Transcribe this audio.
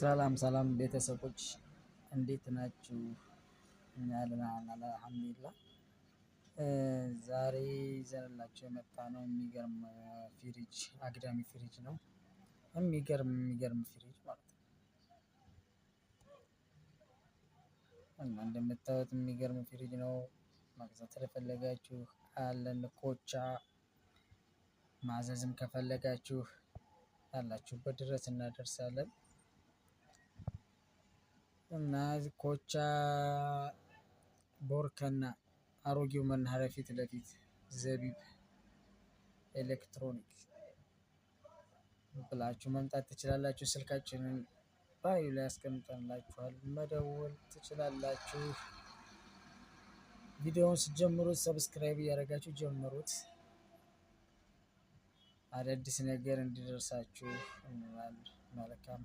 ሰላም ሰላም ቤተሰቦች እንዴት ናችሁ? እኛ ደህና ነን አልሐምዱሊላህ። ዛሬ ይዘንላችሁ የመጣ ነው የሚገርም ፍሪጅ፣ አግዳሚ ፍሪጅ ነው። የሚገርም የሚገርም ፍሪጅ ማለት ነው እና እንደምታዩት የሚገርም ፍሪጅ ነው። መግዛት ስለፈለጋችሁ አለን ኮቻ ማዘዝም ከፈለጋችሁ ያላችሁበት ድረስ እናደርሳለን። እና ኮቻ ቦርከና አሮጌው መናኸሪያ ፊት ለፊት ዘቢብ ኤሌክትሮኒክ ብላችሁ መምጣት ትችላላችሁ። ስልካችንን ባዩ ላይ ያስቀምጠንላችኋል፣ መደወል ትችላላችሁ። ቪዲዮውን ስጀምሩት ሰብስክራይብ እያደረጋችሁ ጀምሩት። አዳዲስ ነገር እንዲደርሳችሁ እንላለን። መልካም